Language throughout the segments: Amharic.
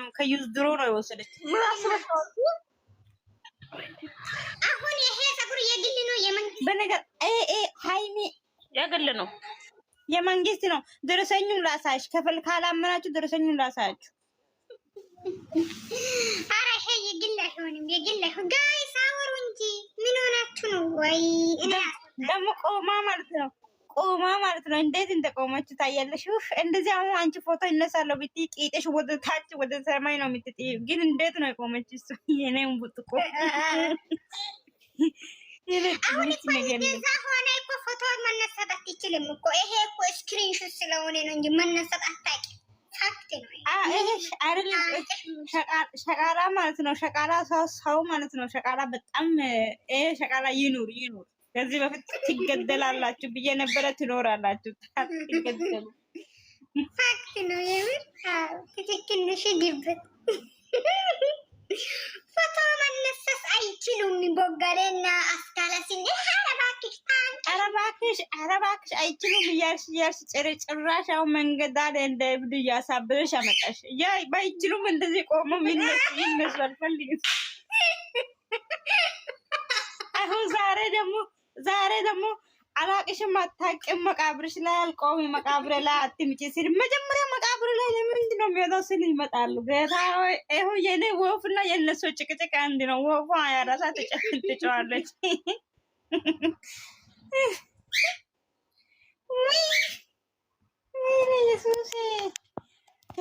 ነው ከዩዝ ድሮ ነው የወሰደች። አሁን ይሄ ፀጉር የግል ነው የመንግስት በነገር ሀይሚ የግል ነው የመንግስት ነው። ደረሰኙን ላሳያችሁ፣ ከፈል ካላመናችሁ ደረሰኙን ላሳያችሁ። አረ ይሄ የግል አይሆንም፣ የግል አይሆን። ጋይ ሳወሩ እንጂ ምን ሆናችሁ ነው? ወይ ደግሞ ቆማ ማለት ነው ቆማ ማለት ነው። እንዴት እንደቆመች ታያለሽ። እንደዚህ አሁን አንቺ ፎቶ ይነሳለሁ ብቲ ቂጤሽ ወደ ታች ወደ ሰማይ ነው የምትጥ። ግን እንዴት ነው የቆመች? እሱ የኔም ቡጥቆ አሁን እኮ እንደዛ ሆነ እኮ ፎቶ መነሳት አትችልም እኮ። ይሄ እኮ ስክሪንሾት ስለሆነ ነው እንጂ መነሳት አታውቂም። ሸቃላ ማለት ነው። ሸቃላ ሰው ማለት ነው። ሸቃላ በጣም ሸቃላ ይኑር ይኑር ከዚህ በፊት ትገደላላችሁ ብዬ ነበረ። ትኖራላችሁ፣ ትገደሉ። ፋክት ነው። የምር ፎቶ መነሳት አይችሉም። ቦጋሌና አስካላሲን አይችሉም እያልሽ እያልሽ ጭራሽ አሁን መንገድ እንደ እብድ አመጣሽ። ያ ባይችሉም እንደዚህ ይነሱ አልፈልግም። አሁን ዛሬ ደግሞ ዛሬ ደግሞ አላቅሽም አታቂም መቃብርሽ ላይ አልቆሚ መቃብር ላይ አትምጪ ሲል መጀመሪያ መቃብር ላይ ለምንድ ነው የሚወጣው ስል ይመጣሉ። ጌታ ይሁ የኔ ወፍና የነሱ ጭቅጭቅ አንድ ነው። ወፏ ያራሳ ትጨዋለች። ኢየሱስ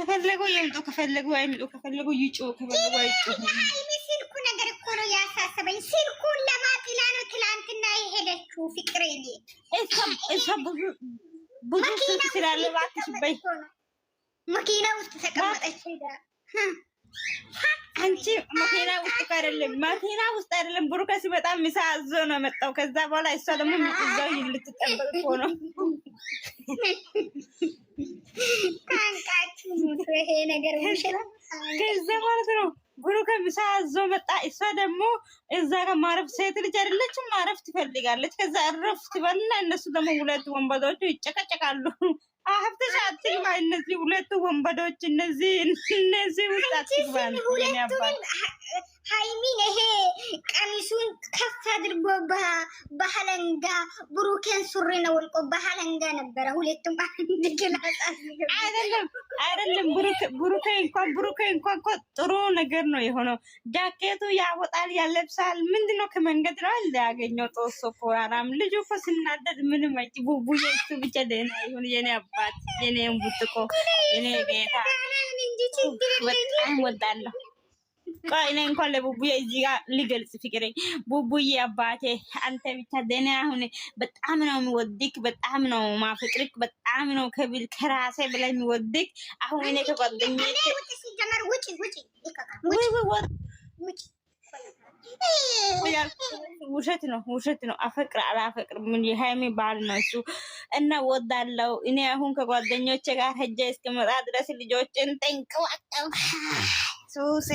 ከፈለጉ ይምጡ፣ ከፈለጉ አይምጡ፣ ከፈለጉ ይጩ፣ ከፈለጉ አይጩ። ስልኩ ነገር እኮ ነው ያሳሰበኝ። ስልኩን ለማጥላ ነው ትላንትና የሄደችው ፍቅሬ። እሷ ብዙ ብዙ ስልክ ስላለ ባትሽበይ መኪና ውስጥ ተቀመጠች ሄዳ አንቺ መኪና ውስጥ አይደለም መኪና ውስጥ አይደለም። ብሩከ ሲመጣ ምሳ አዞ ነው የመጣው። ከዛ በኋላ እሷ ደግሞ እዛው ልትጠበቅ ነው። ከዛ ማለት ነው ብሩከ ምሳ አዞ መጣ። እሷ ደግሞ እዛ ጋር ማረፍ ሴት ልጅ አይደለችም፣ ማረፍ ትፈልጋለች። ከዛ እረፍ ትበልና እነሱ ደግሞ ሁለት ወንበዶቹ ይጨቀጨቃሉ። አፍተሽ አትግባ። እነዚህ ሁለቱ ወንበዶች እነዚህ እነዚህ ውስጥ አትግባ። ሀይሚን ይሄ ቀሚሱን ከፍ አድርጎ በሀለንጋ ብሩኬን ሱሪ ነው ወልቆ በሀለንጋ ነበረ። ሁለቱም አይደለም አይደለም። ብሩኬ እንኳን ብሩኬ እንኳን እኮ ጥሩ ነገር ነው የሆነው። ጃኬቱ ያወጣል፣ ያለብሳል። ምንድነው ከመንገድ ነው አለ ያገኘው ጦሶ እኮ ያራም ልጁ እኮ ስናደድ ምንም አጭ ቡቡዬ እሱ ብቻ ደህና ይሁን የኔ አባት የኔ ቡትኮ የኔ ቤታ በጣም ወዳለሁ እኔ እንኳን ለቡቡዬ እዚህ ጋር ልገልጽ ፍቅሬ፣ ቡቡዬ አባቴ አንተ ብቻ ደህና ሁን። በጣም ነው የሚወድክ፣ በጣም ነው ማፍቅርክ፣ በጣም ነው ከብል ከራሴ በላይ የሚወድክ። አሁን እኔ ከጓደኞች ውሸት ነው ውሸት ነው። አፈቅር አላፈቅር ምን የሃይሚ ባል ነው እሱ እና ወዳለው እኔ አሁን ከጓደኞቼ ጋር ሄጄ እስከመጣ ድረስ ልጆችን ጠንቀዋቀው ሱሴ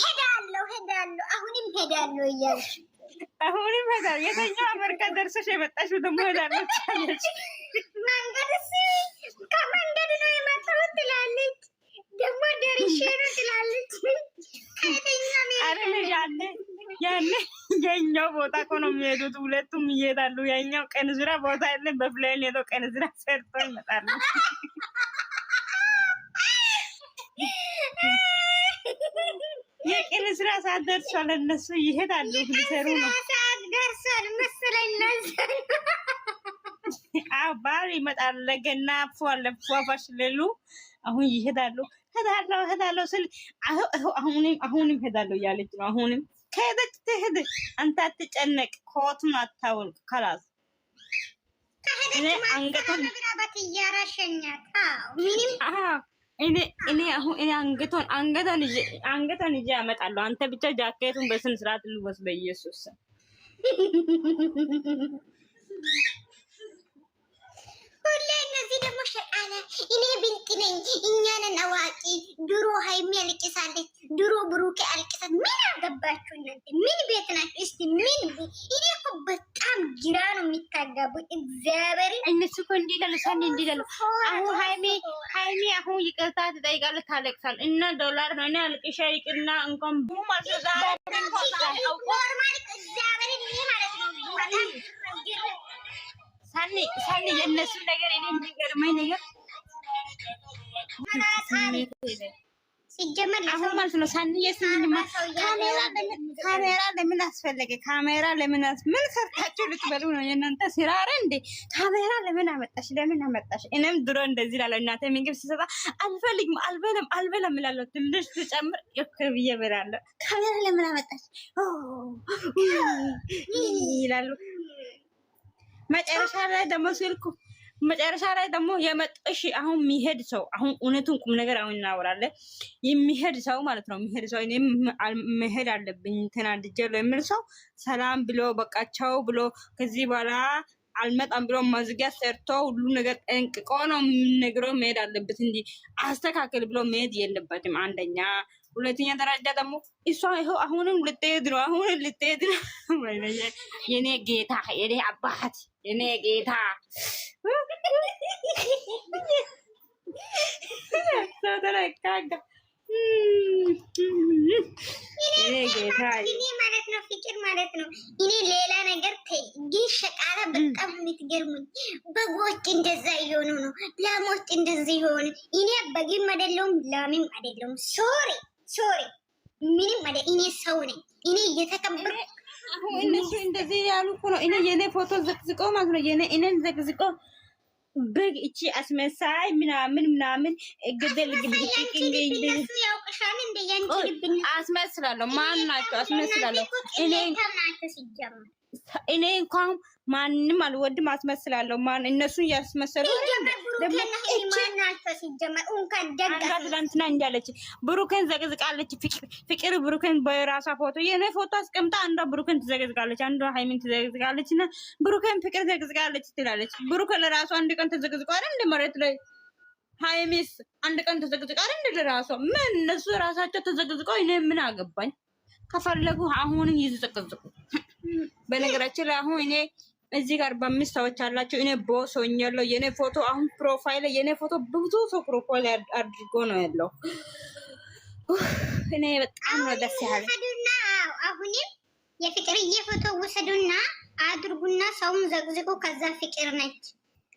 ሄዳለሁ ሄዳለሁ አሁንም ሄዳለሁ እያለች አሁንም ሄዳለሁ። የተኛው አሜሪካ ደርሰሽ የመጣሽው ደግሞ ሄዳለሁ አለች። መንገድስ ከመንገድ ነው የመጣሁት ትላለች፣ ደግሞ ደርሼ ነው ትላለች። ያኔ ያኔ የኛው ቦታ እኮ ነው የሚሄዱት ሁለቱም ይሄዳሉ። ያኛው ቀን ዙራ ቦታ የለም፣ በፕሌን ሄዶ ቀን ዙራ ሰርቶ ይመጣሉ። የቅል ስራ ሰዓት ደርሷል። እነሱ ይሄዳሉ ሊሰሩ ነው። ባል ይመጣል። ለገና ፏፏሽ ሌሉ አሁን ይሄዳሉ። ሄዳለሁ ሄዳለሁ ስል አሁንም አሁንም ሄዳለሁ እያለች ነው። አሁንም ከሄደች ትሄድ። አንተ አትጨነቅ። ኮቱን አታውልቅ። ከላስ እኔ አንገቱን ምንም እኔ አሁን እኔ አንገቷን አንገቷን ይዤ አንገቷን ይዤ አመጣለሁ። አንተ ብቻ ጃኬቱን በስነ ስርዓት ልበስ። በኢየሱስ ሁሌ እነዚህ ደግሞ ሸቃለ እኔ ብልጥ ነኝ፣ እኛንን አዋቂ ድሮ ሀይሚ አልቅሳለች፣ ድሮ ብሩኬ አልቅሳት። ምን አገባችሁ እናንተ? ምን ቤት ናችሁ? እስቲ ምን እኔ ኩበት በጣም ግራ ነው የሚታጋቡ። እግዚአብሔር እነሱ እኮ እንዲህ ይላሉ፣ ሰኒ አሁን ሀይሚ ሀይሚ አሁን ይቅርታ ትጠይቃለች፣ ታለቅሳል እና ዶላር ነው እና ልቅሻ ይቅርና እንኳን ሰኒ ሰኒ የእነሱን ነገር ሲጀመር አሁን ማለት ነው ሳንዬ ሲኒማ ካሜራ ካሜራ ለምን አስፈለገ? ካሜራ ለምን ምን ሰርታችሁ ልትበሉ ነው? የእናንተ ስራ እንዴ? ካሜራ ለምን አመጣሽ? ለምን አመጣሽ? እኔም ድሮ እንደዚህ ላለ እናቴ ምግብ ሲሰጣ አልፈልግም፣ አልበለም፣ አልበለም እላለሁ። ትንሽ ትጨምር ብዬ እበላለሁ። ካሜራ ለምን አመጣሽ ይላሉ። መጨረሻ ላይ ደግሞ ስልኩ መጨረሻ ላይ ደግሞ የመጠሽ አሁን የሚሄድ ሰው አሁን እውነቱን ቁም ነገር አሁን እናወራለን። የሚሄድ ሰው ማለት ነው የሚሄድ ሰው እኔም መሄድ አለብኝ ተናድጃለሁ የሚል ሰው ሰላም ብሎ በቃቸው ብሎ ከዚህ በኋላ አልመጣም ብሎ መዝጊያ ሰርቶ ሁሉ ነገር ጠንቅቆ ነው የሚነግረው መሄድ አለበት እንጂ አስተካከል ብሎ መሄድ የለበትም። አንደኛ ሁለተኛ ደረጃ ደግሞ እሷ ይኸው አሁንም ልትሄድ ነው። አሁንም ልትሄድ ነው። የኔ ጌታ፣ የኔ አባት፣ የኔ ጌታ ማለት ነው። ፍቅር ማለት ነው። እኔ ሌላ ነገር ተይ ሸቃላ በጣም የምትገርሙኝ። በጎች እንደዛ እየሆኑ ነው። ላሞች እንደዚህ የሆኑ እኔ በግም አይደለሁም ላሚም አይደለሁም። ሶሪ ሶሪ ምንም አለ። እኔ ሰው ነኝ። እኔ እየተከበረ አሁን እነሱ እንደዚህ ያሉ እኮ ነው። እኔ የኔ ፎቶ ዘቅዝቆ ማለት ነው የኔ እኔን ዘቅዝቆ በግ እቺ አስመሳይ ምናምን ምናምን ገደል አስመስላለሁ። ማን ናቸው? አስመስላለሁ እኔ እኔ እንኳን ማንም አልወድም አስመስላለሁ። ማን እነሱን እያስመሰሉ ትናንትና እንዳለች ብሩክን ዘቅዝቃለች። ፍቅር ብሩክን በራሷ ፎቶ የኔ ፎቶ አስቀምጣ አንዷ ብሩክን ትዘቅዝቃለች፣ አንዷ ሃይሚን ትዘቅዝቃለች። እና ብሩክን ፍቅር ዘቅዝቃለች ትላለች። ብሩክ ለራሷ አንድ ቀን ተዘቅዝቋል እንደ መሬት ላይ ሃይሚስ አንድ ቀን ተዘቅዝቃል እንደ ለራሷ ምን እነሱ ራሳቸው ተዘቅዝቀው እኔ ምን አገባኝ? ከፈለጉ አሁንም ይዘቅዝቁ በነገራችን ላይ አሁን እኔ እዚህ ጋር በአምስት ሰዎች አላቸው። እኔ ቦስ ሆኛለሁ። የኔ ፎቶ አሁን ፕሮፋይል የኔ ፎቶ ብዙ ሰው ፕሮፋይል አድርጎ ነው ያለው። እኔ በጣም ነው ደስ ያለ። አሁንም የፍቅርዬ ፎቶ ውሰዱና አድርጉና ሰውን ዘግዝቁ። ከዛ ፍቅር ነች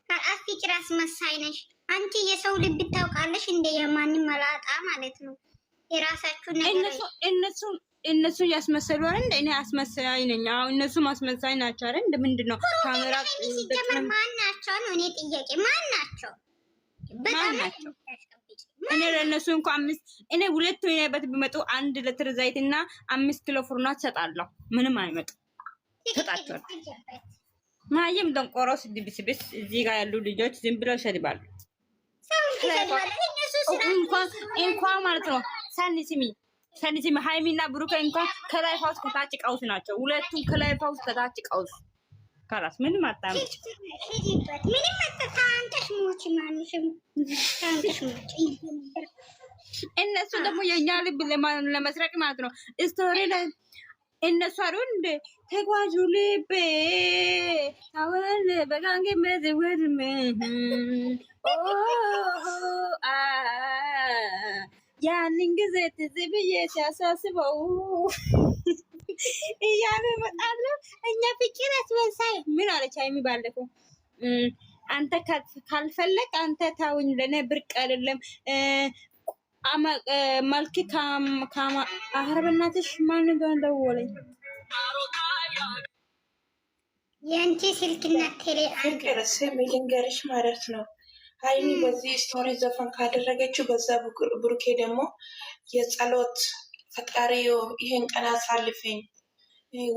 ከአፍ ፍቅር አስመሳይ ነች። አንቺ የሰው ልብ ታውቃለሽ እንደ የማንም መላጣ ማለት ነው። የራሳችሁ ነገር እነሱ እነሱ እያስመሰሉ አይደል እንደ እኔ አስመሳይ ነኝ። አሁን እነሱ ማስመሳይ ናቸው አይደል? እንደ ምንድን ነው ካሜራ ሲጀምር ማን ናቸው ነው እኔ ጥያቄ ማን ናቸው? ማን ናቸው? እኔ ለእነሱ እንኳ አምስት እኔ ሁለት በት ቢመጡ አንድ ሊትር ዘይት እና አምስት ኪሎ ፉርና ትሰጣለሁ። ምንም አይመጡ ሰጣቸዋል። ማየም ደንቆሮ ስድብስብስ እዚህ ጋር ያሉ ልጆች ዝም ብለው ይሰድባሉ። እንኳ ማለት ነው ሳኒ ስሚ ከኒቲ ሃይሚና ብሩኬ እንኳን ከላይ ፋውስ ከታች ቀውስ ናቸው። ሁለቱም ከላይ ፋውስ ከታች ቀውስ ከራስ ምንም አታምጭ። እነሱ ደግሞ የኛ ልብ ለመስረቅ ማለት ነው። ስቶሪ እነሱ አሉ እንደ ተጓዙ ልቤ አሁን በጋንጌ መዝወድም ያንን ጊዜ ትዝ ብዬ ሲያሳስበው እያሉ ይመጣሉ። እኛ ፍቅር አስመሳይ ምን አለች ሀይሚ ባለፈው አንተ ካልፈለግ አንተ ታውኝ ለእኔ ብርቅ አይደለም። መልክ አህረ ማን እንደሆነ ደወለኝ። የአንቺ ስልክና ቴሌ ፍቅር ስም ልንገርሽ ማለት ነው ሀይሚ በዚህ ስቶሪ ዘፈን ካደረገችው በዛ ብሩኬ ደግሞ የጸሎት ፈጣሪ ይሄን ቀን አሳልፈኝ፣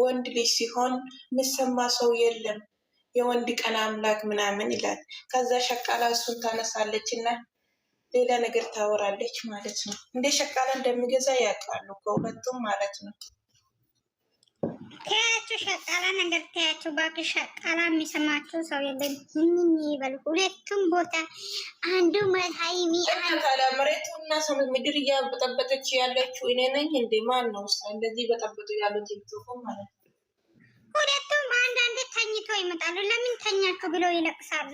ወንድ ልጅ ሲሆን ምሰማ ሰው የለም፣ የወንድ ቀን አምላክ ምናምን ይላል። ከዛ ሸቃላ እሱን ታነሳለች እና ሌላ ነገር ታወራለች ማለት ነው። እንደ ሸቃላ እንደሚገዛ ያውቃሉ ከሁለቱም ማለት ነው። ተያችሁ ነገር እንደተያችሁ ባክሽ፣ ሸቃላ የሚሰማቸው ሰው የለም። ምን ይበሉ? ሁለቱም ቦታ አንዱ ሀይሚ መሬቱ እና ሰው ምድር እያበጠበጠች ያለችው እኔ ነኝ እንዴ? ማን ነው እንደዚህ በጠበጡ ያሉት? ማለት ሁለቱም አንዳንድ ተኝቶ ይመጣሉ። ለምን ተኛችሁ ብለው ይለቅሳሉ።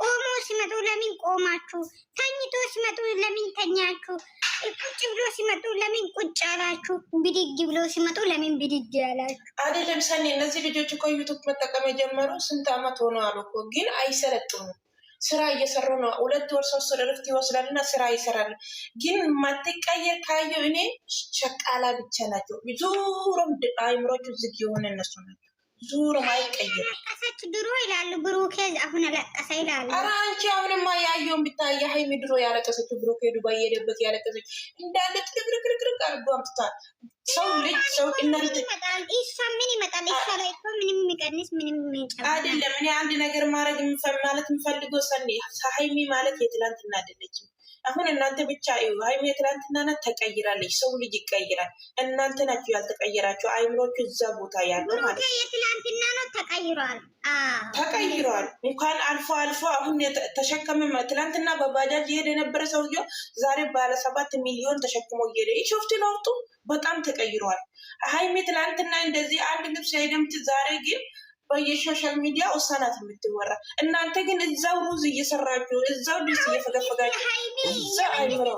ቆሞ ሲመጡ ለምን ቆማችሁ? ተኝቶ ሲመጡ ለምን ተኛችሁ? ቁጭ ብሎ ሲመጡ ለምን ቁጭ አላችሁ? ብድግ ብሎ ሲመጡ ለምን ብድግ አላችሁ? አይደለም ሰኔ፣ እነዚህ ልጆች እኮ ዩቱብ መጠቀም የጀመሩ ስንት አመት ሆኖ አሉ እኮ ግን አይሰለጥኑ። ስራ እየሰሩ ነው። ሁለት ወር ሶስት ወር እረፍት ይወስዳል ስራ ይሰራል። ግን ማትቀየር ካየው እኔ ሸቃላ ብቻ ናቸው። ብዙ አይምሮቹ ዝግ የሆነ እነሱ ናቸው። ድሮም አይቀየርም። ድሮ ይላሉ ብሩኬ አሁን ለቀሰ ይላሉ። ኧረ አንቺ አሁንማ ያየውን ብታይ ሀይሚ ድሮ ያለቀሰችው ብሩኬ ዱባይ የሄደበት ያለቀሰች እንዳለ ትርክርክርክ አድርጎ አምጥታል። ሰው ልጅ ሰው እናት እሷ ምን ይመጣል? እሷ ላይ እኮ ምንም የሚቀንስ ምንም የሚጨምር አይደለም። እኔ አንድ ነገር ማድረግ ማለት የምፈልገው ሰኔ ሀይሚ ማለት የትላንት እናደለችም አሁን እናንተ ብቻ ሀይሚ የትላንትና ናት ተቀይራለች። ሰው ልጅ ይቀይራል። እናንተ ናችሁ ያልተቀየራችሁ፣ አይምሮቹ እዛ ቦታ ያለው ማለት ነው። የትላንትና ናት ተቀይሯል፣ ተቀይሯል። እንኳን አልፎ አልፎ አሁን ተሸከመ። ትላንትና በባጃጅ ይሄድ የነበረ ሰውየው ዛሬ ባለ ሰባት ሚሊዮን ተሸክሞ እየሄደ ሾፍት ለውጡ በጣም ተቀይሯል። ሀይሚ ትላንትና እንደዚህ አንድ ልብስ አይደምት፣ ዛሬ ግን በየሶሻል ሚዲያ ውሳናት የምትወራ እናንተ ግን እዛው ሩዝ እየሰራችሁ እዛው ድስ እየፈገፈጋችሁ እዛ አይምሮ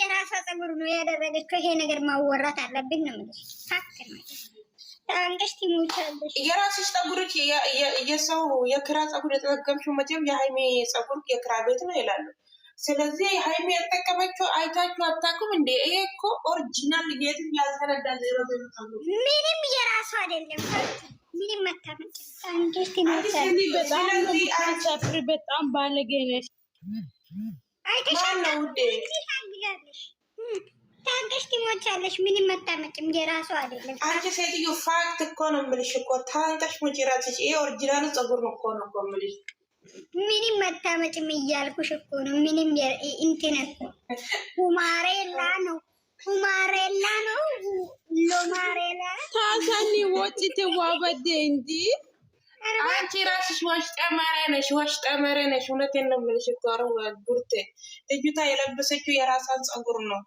የራሷ ጸጉር ነው ያደረገችው። ይሄ ነገር ማወራት አለብን ነው ምል አንገሽ ትሞቻለሽ። የራስሽ ጸጉሮች የሰው የክራ ጸጉር የተጠቀምሽው መቼም የሀይሜ ጸጉር የክራ ቤት ነው ይላሉ። ስለዚህ ሀይሚ ያጠቀመችው አይታችሁ አታውቁም እንዴ? ይሄ እኮ ኦሪጂናል ጌትም ያልተረዳ ዜሮ ምንም የራሱ አይደለም። በጣም ባለጌ ነሽ። ታንቀሽ ትሞቻለሽ። ምንም መታመጭም የራሱ አይደለም። አንቺ ሴትዮ ፋክት እኮ ነው የምልሽ እኮ ታንቀሽ ሞች ራስሽ። ይሄ ኦሪጂናል ጸጉር ነው እኮ ነው እኮ የምልሽ ምንም መታመጭም እያልኩሽ እኮ ነው። ምንም እንትን እኮ ሁማሬላ ነው ሁማሬላ ነው ሎማሬላ ታሳኒ ወጪ ትዋበደ እንጂ አንቺ ራስሽ ዋሽ ጠመረ ነሽ፣ ዋሽ ጠመረ ነሽ። እውነቴን ነው የምልሽ እኮ ቡርቴ ልጅቷ የለበሰችው የራሷን ጸጉር ነው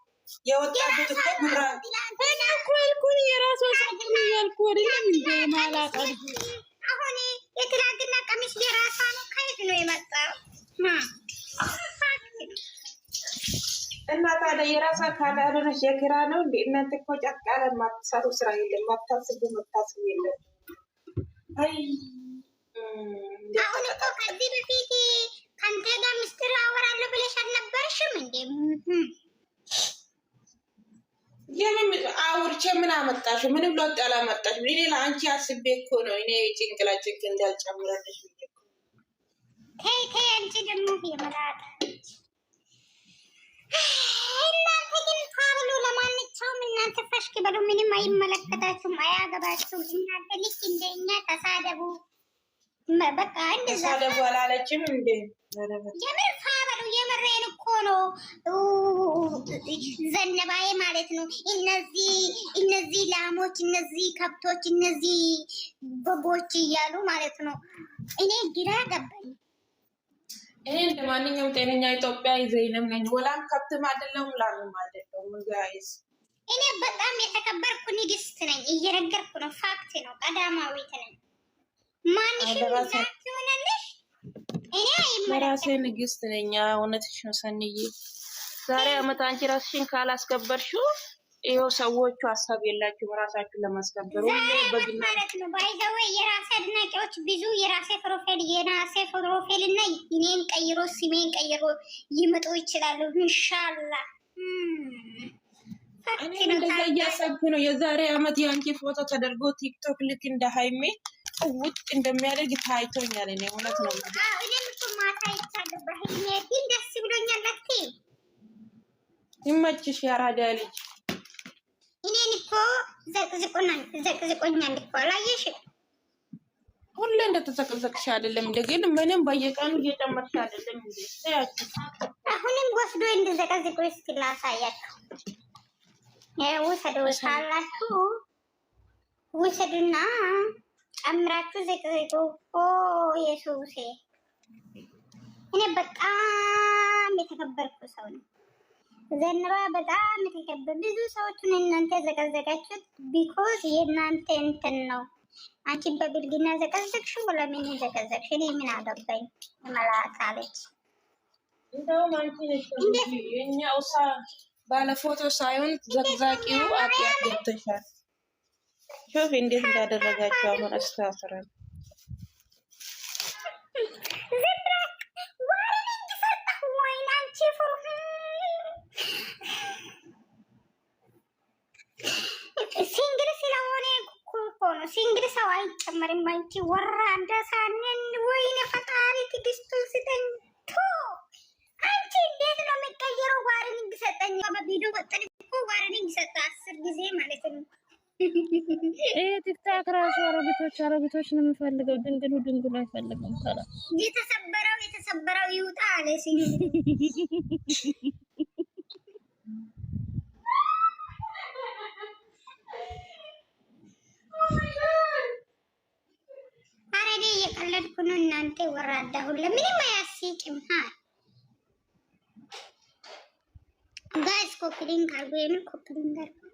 የወጣበት እኮ ጉራ እኔ እኮ ያልኩን የራሷን ጸጉር ነው ያልኩ አይደለም እንደ ማላቀ አሁን የትናንትና ቀሚስ የራሳ ነው። ከየት ነው የመጣው? እና ታዲያ የራሳ ካላሉነች የኪራ ነው እንዴ? እናንተ እኮ ጫካ ለማትሳቱ ስራ የለም። ማታስቡ መታስብ የለም። አሁን እኮ ከዚህ በፊት ከአንተ ጋር ምስጢር አወራለሁ ብለሽ አልነበርሽም እንዴ? የምን አውርቼ ምን አመጣሽ? ምንም ለውጥ አላመጣሽ። እኔ ለአንቺ አስቤ እኮ ነው። እኔ ጭንቅላ ጭንቅ እንዳልጨምረልሽ ተይ ተይ። አንቺ ደግሞ የመላጣ እናንተ ግን ለማንኛውም እናንተ ፈሽክ በሉ። ምንም አይመለከታችሁም፣ አያገባችሁም። እናንተ ልክ ተሳደቡ በቃ እንደዛ። ተሳደቡ አላለችም እንዴ? የምር የምሬን እኮ ነው ዘነባዬ ማለት ነው። እነዚህ እነዚህ ላሞች፣ እነዚህ ከብቶች፣ እነዚህ በጎች እያሉ ማለት ነው። እኔ ግራ ገባኝ። እኔ እንደ ማንኛውም ጤነኛ ኢትዮጵያ ዘይንም ነኝ። ወላም ከብትም አይደለሁም ላምም አይደለሁም። ጋይስ እኔ በጣም የተከበርኩ ንግስት ነኝ። እየነገርኩ ነው። ፋክት ነው። ቀዳማዊት ነኝ። ማንሽም ዛት ለራሴ ንግስት ነኝ። እውነትሽን ሰንዬ ዛሬ አመት አንቺ ራስሽን ካላስከበርሽው ይኸው ሰዎቹ ሀሳብ የላችሁም። ራሳችሁን ለማስከበር ማለት ነው። ባይዘወ የራሴ አድናቂዎች ብዙ የራሴ ፕሮፋይል የራሴ እና እኔን ቀይሮ ስሜን ቀይሮ ይመጡ ይችላሉ። እንሻላ እኔ እንደዛ እያሰብኩ ነው። የዛሬ አመት የአንቺ ፎቶ ተደርጎ ቲክቶክ ልክ እንደ ሀይሜ ውጥ እንደሚያደርግ ታይቶኛል። እኔ እውነት ነው ይመችሽ፣ ያራዳ ልጅ። እኔን እኮ ዘቅዝቆኛል እኮ ላየሽ፣ ሁሌ እንደተዘቅዘቅሽ አይደለም እንደ ግን ምንም በየቀኑ እየጨመርሽ አይደለም እንደ አሁንም ወስዶ እንደዘቀዝቆ እስኪ ላሳያቸው ውሰዱ ካላችሁ ውሰዱና ጨምራችሁ ዝቅዝቁ። ኦ የሱሴ እኔ በጣም የተከበርኩ ሰው ነው። ዘንባ በጣም የተከበረ ብዙ ሰዎችን እናንተ ዘቀዘቃችሁት ቢኮዝ የእናንተ እንትን ነው። አንቺን በብልግና ዘቀዘቅሽ፣ ለምን ዘቀዘቅሽ? እኔ ምን አገባኝ? መላካለች እንደውም አንቺ ነሽ ባለፎቶ ሳይሆን ዘግዛቂው አጥያት ገብተሻል። ሾፍ እንዴት እንዳደረጋቸው አሁን አስተሳስረን ሲንግል ስለሆነ እኮ ነው። ሰው አይጨመርም። አንቺ ወራዳ ሳንን ወይኔ ፈጣሪ ትግስቱን ስጠኝ። ቀይሮ ዋርኒንግ ሰጠኝ። በቪዲዮ ወጥን እኮ ዋርኒንግ ሰጠ አስር ጊዜ ማለት ነው። ይህ ቲክታክ ራሱ አረቢቶች አረቢቶች ነው የምፈልገው። ድንግሉ ድንግሉ አይፈልግም። ታላ የተሰበረው የተሰበረው ይውጣ አለ ሲል አረዴ እየቀለድኩ ነው። እናንተ ወራዳ ሁላ ምንም አያስቂም። ጋይስ ኮፒ ሊንክ አድርጎ ነው። ኮፒ ሊንክ አድርጎ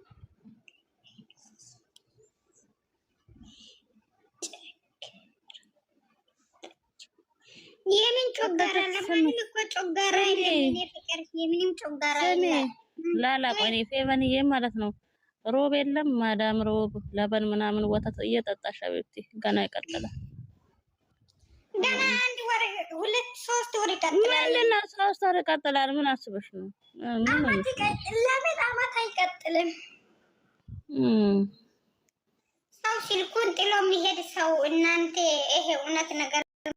የምን ጮጋራ ለማንም እኮ ጮጋራ የለም። ፍቅር የምንም ጮጋራ የለም። ላላ ቆይ ፌቨንዬ ማለት ነው ሮብ የለም ማዳም ሮብ ለበን ምናምን ወተት እየጠጣሽ ቤት ገና ይቀጥላል። ገና አንድ ወር ሁለት ሶስት ወር ይቀጥላል። ምን ሶስት ወር ይቀጥላል? ምን አስበሽ ነው? ለምን አመት አይቀጥልም? ሰው ስልኩን ጥሎ የሚሄድ ሰው እናንተ ይሄ እውነት ነገር